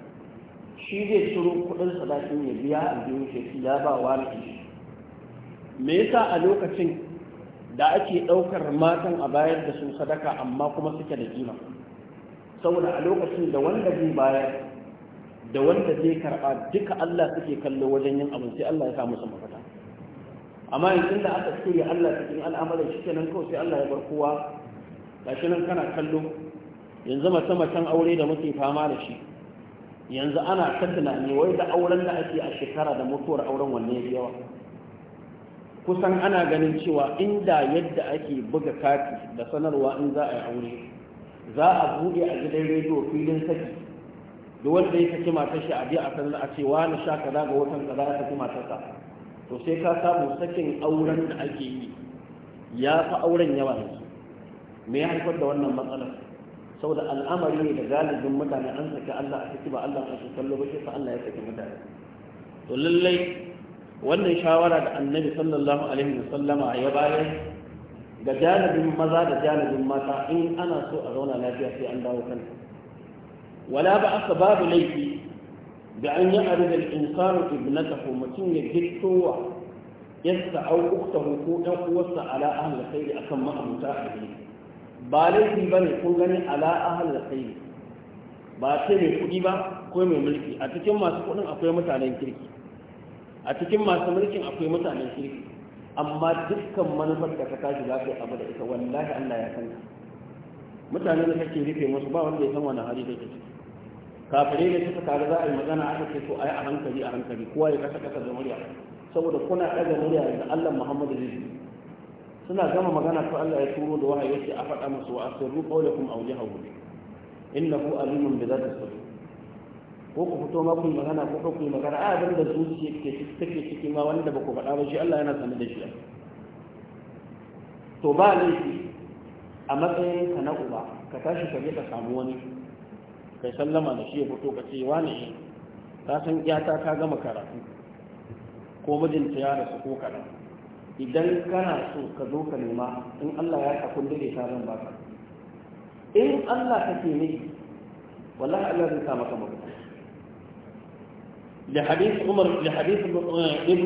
shi zai ciro kudin sadakin ya biya a biyu shi ya ba wa ne me yasa a lokacin da ake ɗaukar matan a bayar da su sadaka amma kuma suke da kima saboda a lokacin da wanda zai bayar da wanda zai karba duka Allah suke kallo wajen yin abin sai Allah ya sa musu mafita amma yanzu da aka shirya Allah cikin al'amuran shi kenan kawai sai Allah ya bar kowa gashi nan kana kallo yanzu mace-macen aure da muke fama da shi yanzu ana ta tunani wai da auren da ake a shekara da mutuwar auren wanne ya yawa kusan ana ganin cewa inda yadda ake buga kati da sanarwa in za a yi aure za a buɗe a gidan rediyo filin saki da wanda ya saki matar shi a biya a sanar a cewa na sha kaza ga watan kaza ya saki matarsa to sai ka samu sakin auren da ake yi ya fi auren yawa yanzu me ya haifar da wannan matsalar saboda al'amari ne da galibin mutane an saki Allah a ciki ba Allah a shi kallo ba shi Allah ya saki mutane to lallai wannan shawara da annabi sallallahu alaihi wasallama ya bayar ga janibin maza da janibin mata in ana so a zauna lafiya sai an dawo kanta wala ba aka babu laifi da an yi da insanu ibnatahu mutum ya gittowa yasta au uktahu ko ɗan uwarsa ala ahli khairi akan ma'amuta a ba laifi ba ne kun gani ala ahal da sai ba sai mai kuɗi ba ko mai mulki a cikin masu kuɗin akwai mutanen kirki a cikin masu mulkin akwai mutanen kirki amma dukkan manufar da ka tashi za ka yi abu da ita wallahi Allah ya san mutane da kake rufe musu ba wanda ya san wani hali ke ciki kafirai da suka kaga za a yi magana aka ce to a yi a hankali a hankali kowa ya kasa kasa da murya saboda kuna ɗaga murya da Allah Muhammadu zai suna gama magana to Allah ya turo da wahayi yace a faɗa musu wa asirru qawlakum aw jahahu innahu alimun bi dhati sudur ko ku fito ma kun magana ko ku yi magana a abin da ke take cikin ma wanda ba ku faɗa ba shi Allah yana sanar da shi to ba laifi a matsayin ka na uba ka tashi ka je ka samu wani kai sallama da shi ya fito ka ce wani ka san iyata ka gama karatu ko mijinta ya rasu ko kaɗan idan kana so ka zo ka nema in Allah ya ka kun dare sabon baka in Allah ka ce ne Allah zai sa maka mabuta da hadisi Umar da hadisi eh, eh,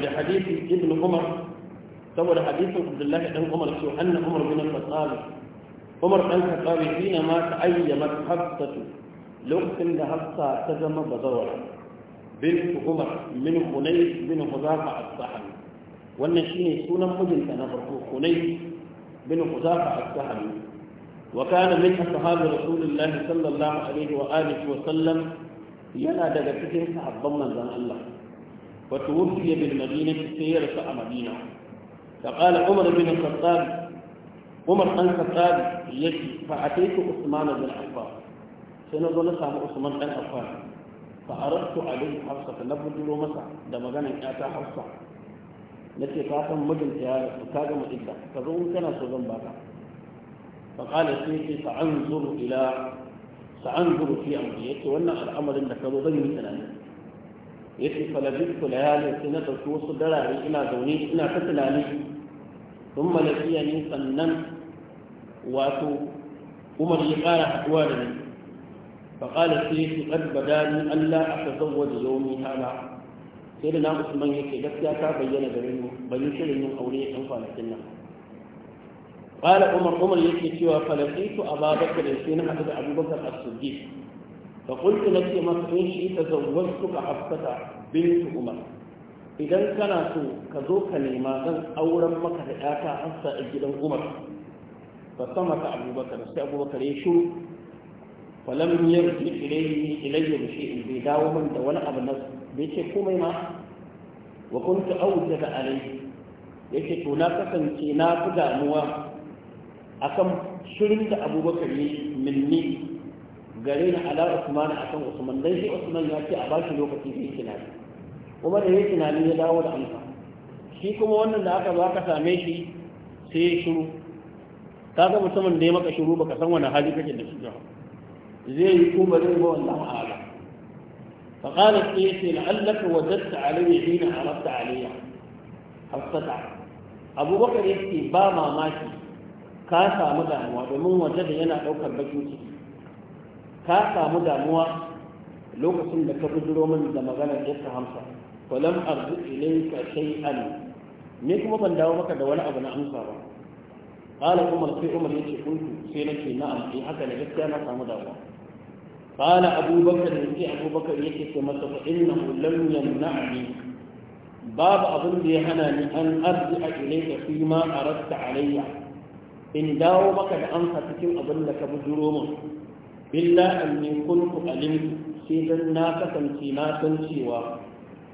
da hadisi Ibn Umar saboda hadisin Abdullah dan Umar ce anna Umar bin al-Khattab Umar dan Khattab shi ne ma ta ayya mafhasatu lokacin da hafsa ta zama bazawara bin Umar min Hunayf bin Hudhafa as-Sahabi wannan shine sunan mijinta na farko kunai bin kuzafa as-sahmi wa kana min ashabi rasulullah sallallahu alaihi wa alihi wa sallam yana daga cikin sahabban manzon Allah wa tuwfiya bil madinati sayyarsa a madina فقال عمر بن الخطاب usman بن الخطاب يجي فأتيت عثمان بن عفان سنظل سام عثمان بن عفان فأردت عليه حفصة نبذل مسا دمغنا كاتا حفصة na ce ka san mijinta ya rasu ka gama idda ka zo in kana so zan baka fa qala sai ce fa anzuru ila sa anzuru fi amri yace wannan al'amarin da ka zo zan yi tunani yace fa labistu layalin sai na su wasu darare ina zaune ina ta tunani sun malakiya ni sannan wato umar ya kara haɗuwa da ni fa qala sai ce qad badani alla atazawwaj yawmi hada sai da na usman yake gaskiya ta bayyana gare mu ban yi shirin yin aure ɗan kwanakin nan qala umar umar yake cewa a falaqitu da sai na hadu da abubakar as-siddiq fa na laki ma in shi tazawwajtuka hafsata bint umar idan kana so ka zo ka nema zan auren maka da ƴata hafsa a gidan umar fa sama ka abubakar sai abubakar ya shiru falam yarji ilayhi ilayya bi in bai dawo min da wani abu na bai ce komai ma wa kuntu awjada alayhi yake to na kasance na fi damuwa akan shirin da abubakar ne minni gare ni ala usman akan usman dai shi usman ya ce a bashi lokaci sai tunani kuma da ya yake tunani ya dawo da amsa shi kuma wannan da aka zo ka same shi sai ya shiru kaga mutumin da ya maka shiru baka san wani hali kake da shi ba zai yi kuma ba zai ba wallahi ala. فقالت ايه لعلك وجدت علي حين عرفت علي حفتها ابو بكر يكي با mamaki ka samu damuwa domin waje da yana ɗaukar bakin ciki ka samu damuwa lokacin da ka bujiro min da maganar yasa hamsa walam arzu ilayka shay'an ne kuma ban dawo maka da wani abu na amsa ba qala umar sai umar sai haka gaskiya na samu damuwa قال أبو بكر يكي أبو بكر يكي سمسك إنه لم يمنعني باب أظن لي هناني أن أرجع إليك فيما أردت علي إن داو مكة أنت تكن أظن لك بجروم إلا أني كنت ألمت سيدا ناكة فيما تنسيوا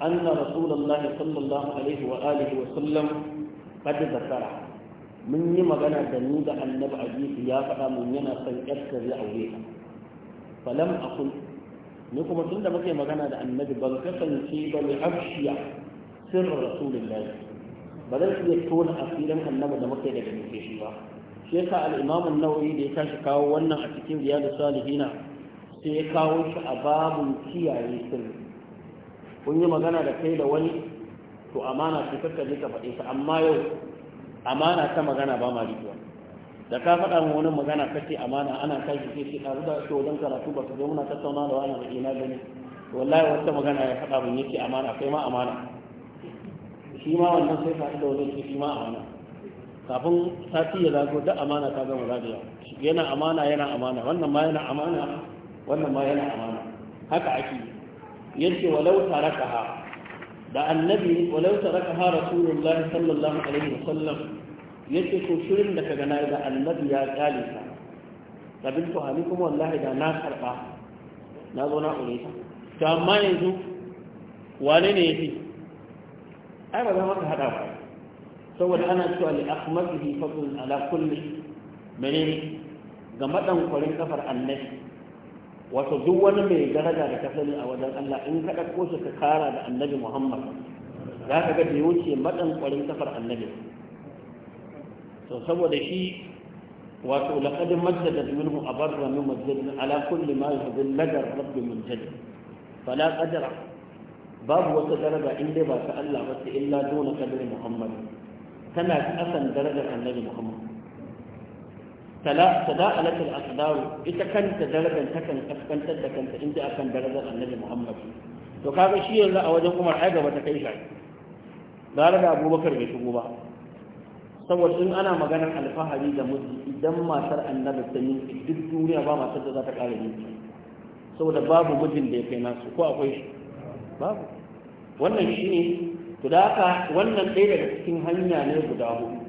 أن رسول الله صلى الله عليه وآله وسلم قد ذكر من يمغنى دنيد أن نبعدي في يافع من ينا سيئتك لأوليك falam akun ni kuma tunda muke magana da annabi ban kasance ba mai afshiya sirrin rasulullahi ba zan iya tona asirin annabi da muke daga muke shi ba shi yasa al nawawi da ya tashi kawo wannan a cikin riyadu salihina sai ya kawo shi a babun kiyaye sirri kun yi magana da kai da wani to amana ce kakka ka faɗe ta amma yau amana ta magana ba ma rikiwa da ka faɗa mu wani magana kace amana ana kai shi sai ka zuba shi wajen karatu ba ka zo muna tattauna da wani ina gani wallahi wata magana ya faɗa mun yace amana kai ma amana shi ma wannan sai faɗi da wani shi ma amana kafin sati ya zago da amana ta gama zagaya yana amana yana amana wannan ma yana amana wannan ma yana amana haka ake yace walau tarakaha da annabi walau tarakaha rasulullahi sallallahu alaihi wasallam yace ko shirin da kaga na da annabi ya kale ka rabin to hali kuma wallahi da na karba na zo na aure ta to amma yanzu wane ne yafi ai ba za maka hada ba saboda ana cewa li ahmadihi fadlun ala kulli menene ga madan kwarin kafar annabi wato duk wani mai daraja da ka sani a wajen Allah in ka ɗauko shi ka kara da annabi Muhammad za ka ga da ya wuce madan kwarin kafar annabi to saboda shi wato laqad majjada minhu abarra min majjadin ala kulli ma yuhdil ladar rabbi min jaddi fala qadara babu wata daraja in dai ba ta Allah ba sai illa dona kadari Muhammad tana kasan darajar annabi Muhammad tala tada'alat al-aqdar ita kanta darajar takan kaskantar da kanta inda akan darajar annabi Muhammad to kaga shi yanzu a wajen Umar ai gaba ta kai shi ba da Abubakar bai shigo ba saboda in ana maganar alfahari da mutu idan matar annabi ta yi duk duniya ba matar da za ta ƙara yi saboda babu mijin da ya kai nasu ko akwai shi babu wannan shi ne to da haka wannan ɗaya daga cikin hanya ne guda hudu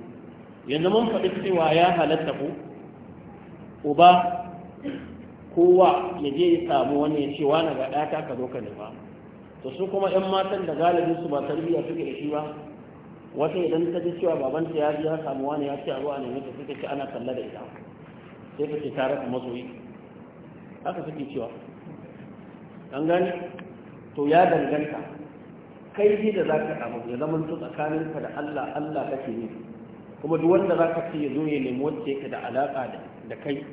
yanzu mun faɗi cewa ya halatta ku uba kowa ya je ya samu wani ya ce wani ga ɗata ka zo ka nufa to su kuma 'yan matan da galibin su ba tarbiyya suke da shi ba wata idan ta ji cewa babanta ya ji ya samu wani ya ce a ruwa ne ta suka ce ana kalla da ita sai ta ce ta rasa masoyi haka suke cewa an gani to ya danganta kai ne da za ka samu ya zama su tsakaninka da allah allah kake ne kuma duk wanda za ka ce ya zo ya nemi wacce yake da alaƙa da kai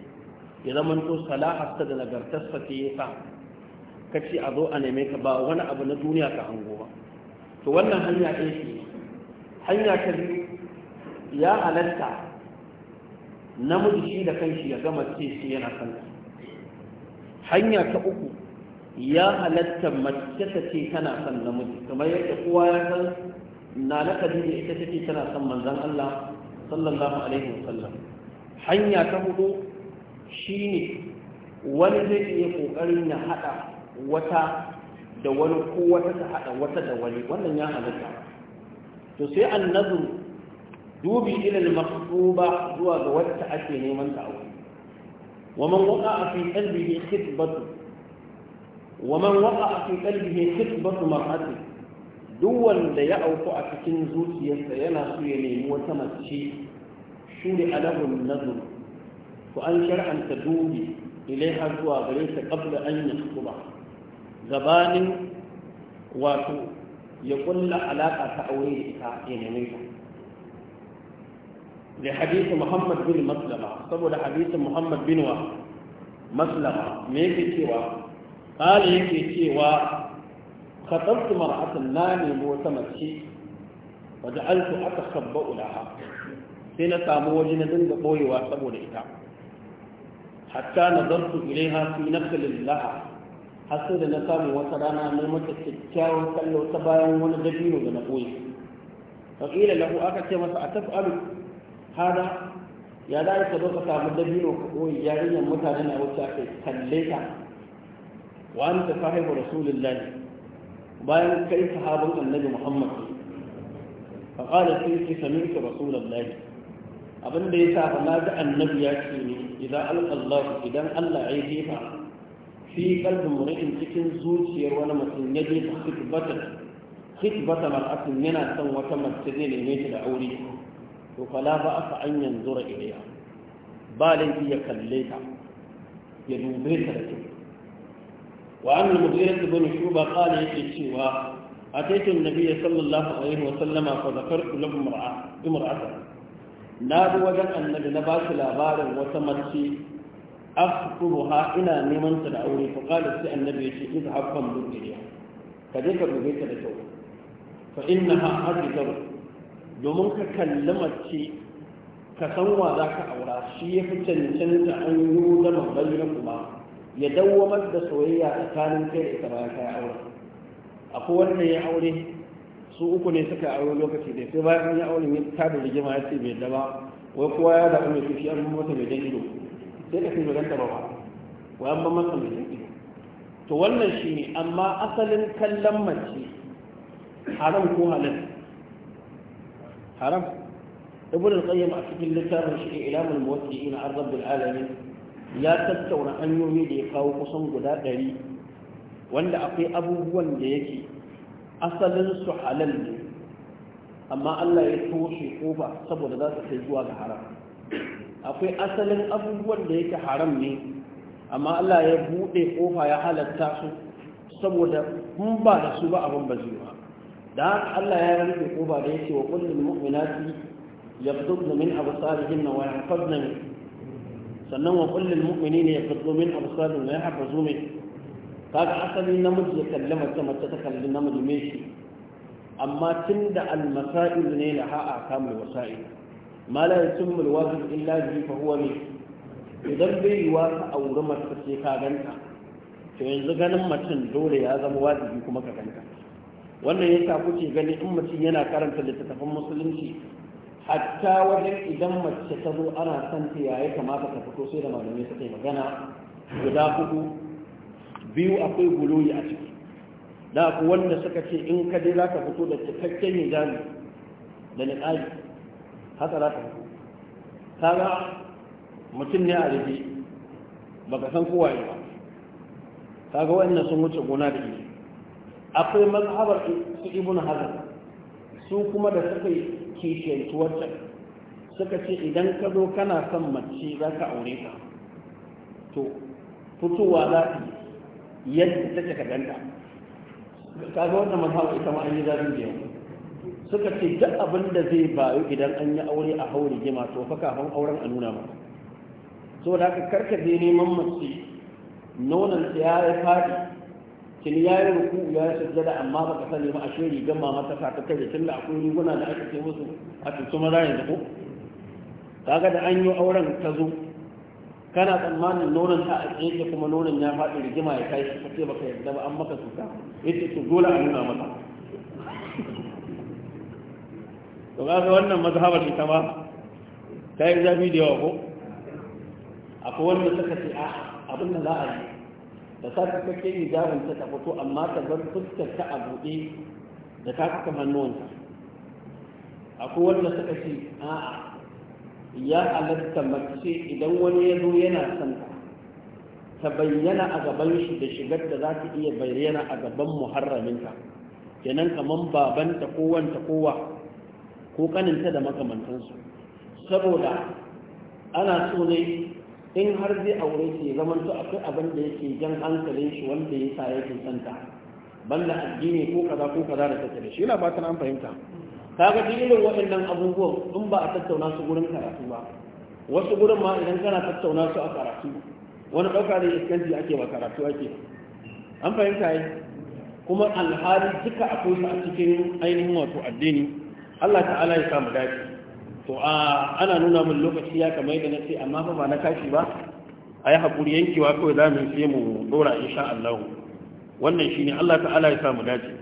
ya zama to salahasta da nagartarsa ce ya sa ka ce a zo a neme ka ba wani abu na duniya ka hango ba to wannan hanya ɗaya ce hanya ta biyu ya halatta namiji shi da kanshi ya gama ce shi yana son hanya ta uku ya halatta mace ta ce tana son namiji kamar yadda kowa ya san na na kadija ita ta ce tana son manzon Allah sallallahu alaihi wasallam hanya ta hudu shine wani zai iya kokarin ya hada wata da wani ko wata ta hada wata da wani wannan ya halatta to sai annazu dubi ilal maktuba zuwa ga wacce ake neman ta aure wa man waqa fi qalbihi khitbatu wa man waqa fi qalbihi khitbatu mar'ati duk wanda ya auku a cikin zuciyarsa yana so ya nemi wata mace ne alahun nazar ku an shar'anta dubi ilaiha zuwa gare ta qabla an yaskuba gabanin wato ya kulla alaƙa ta aure da ita ya neme ta da hadisi muhammad bin maslama saboda hadisi muhammad bin wa maslama me yake cewa kala yake cewa khatabtu mar'atan na nemo wata mace wadda alfu aka sabba ulaha sai na samu waje na dinga boyewa saboda ita hatta nazartu ilaiha fi nafsi lillaha har sai da na samu wata rana mai mata kyakkyawan kallo ta bayan wani dabino da na ɓoye faƙila lahu aka ce masa a taf'alu hada ya za ka zo ka samu dabino ka yarinyar mutane na wuce aka kalle ka wa an ta sahibu bayan kai sahabin annabi muhammad faƙala sai ce samirtu rasulullahi abin da ya sa na ga annabi ya ce ne idan Allah, idan allah ya jefa fi kalbin mura'in cikin zuciyar wani mutum ya je ta khitbatar khitbatar al'asin yana son wata mace zai neme shi da aure to fala ba aka an yanzu ra ilaiya ba laifi ya kalle ta ya dube ta da kyau wa an al-mughira ibn shuba qala yake cewa a an-nabiy sallallahu alaihi wa sallama fa zakartu lahu mar'a imra'atan na bi wajen annabi na ba shi labarin wata mace aftubuha ina neman ta da aure fa qala sai annabi ya ce izhab fa mudiriya ka je ka dube ta da kyau fa innaha hadithar domin ka kalli mace ka san wa za ka aura shi ya fi cancanta an yi zama bayyana kuma ya dawwamar da soyayya a tsarin kai da ita ba ka aure akwai wanda ya aure su uku ne suka aure lokaci da sai bayan ya aure ne ta da rigima ya ce bai daba wai kowa ya da mai kifi an mota bai dan ido sai ka fi ganta ba ba wa an masa mai to wannan shi ne amma asalin kallon mace haram ko halal haram ibn al-qayyim a cikin littafin shi ilamul muwaqqi'ina an rabbil alamin ya tattauna hanyoyi da ya kawo kusan guda ɗari wanda akwai abubuwan da yake asalin su halal ne amma Allah ya toshe kofa saboda za su kai zuwa ga haram akwai asalin abubuwan da yake haram ne amma Allah ya buɗe ƙofa ya halatta su saboda mun ba da su ba abin ba zai da Allah ya rufe ƙofa da yake wa kullum mu'minati yabdudna min absarihin wa yahfazna min sannan wa kullum mu'minina yabdudna min absarihim wa yahfazu min kaga asalin namiji ya kalli mace mace ta kalli namiji me shi amma tunda al-masail ne laha a kamar wasa'il ma la yatimmu alwajib illa bi fa huwa min idan bai yiwa ka aure mace sai ka ganta to yanzu ganin mutum dole ya zama wajibi kuma ka ganta wannan yasa kuke gani in mutum yana karanta littattafan musulunci hatta wajen idan mace ta zo ana son ta yaya kamata ta fito sai da malamai suka yi magana guda hudu biyu akwai guloyi a ciki da ku wanda suka ce in ka dai za ka fito da cikakken hijabi da niƙali. haka za ka kaga mutum ne a rufe ka san kowa ne ba kaga wannan sun wuce gona da ke akwai mazhabar su ibn hazar su kuma da suka yi kishiyanci wancan suka ce idan ka zo kana son mace za ka aure ka to fitowa za ta yadda take ka ganta kaga wannan mazhabar ita ma an yi zafin biyan suka ce duk abin da zai bayu idan an yi aure a haure gima to fa kafin auren a nuna maka saboda haka karka je neman mace nonon ya yi fadi kin ya yi ruku ya yi sujjada amma baka sani ba a shiri gama mata ta ta tun da akwai riguna da aka ce musu a tutu maza yanzu ko kaga da an yi auren ta zo kana tsammanin nonon ta a tsaye kuma nonon ya faɗi rigima ya kai shi kace baka yarda ba an maka suka yace to dole a nuna mata to ga wannan mazhabar ita ma ta yi zafi da yawa ko akwai wanda suka ce a abin da za a yi da sa ta kake hijabin ta fito amma ta bar fuskar ta a buɗe da ta kaka hannuwanta akwai wanda suka ce a'a ya halatta mace idan wani ya zo yana son ta bayyana a gaban shi da shigar da za ta iya bayyana a gaban muharraminka. kenan kamar babanta ko wanta kowa ko kaninta da makamantansu saboda ana so ne in har zai aure ce zamanto akwai abin da yake jan hankalin shi wanda ya sa yake santa banda addini ko kaza ko kaza da take da shi ina fatan an fahimta kaga duk irin waɗannan abubuwan in ba a tattauna su gurin karatu ba wasu gurin ma idan kana tattauna su a karatu wani ɗauka da iskanci ake ba karatu ake an fahimta yi kuma alhali duka akwai su a cikin ainihin wato addini Allah ta'ala ya samu dace to a ana nuna min lokaci ya kamar yadda nace amma fa ba na kashi ba ayi hakuri yankewa kawai za mu sai mu dora insha Allah wannan shine Allah ta'ala ya samu dace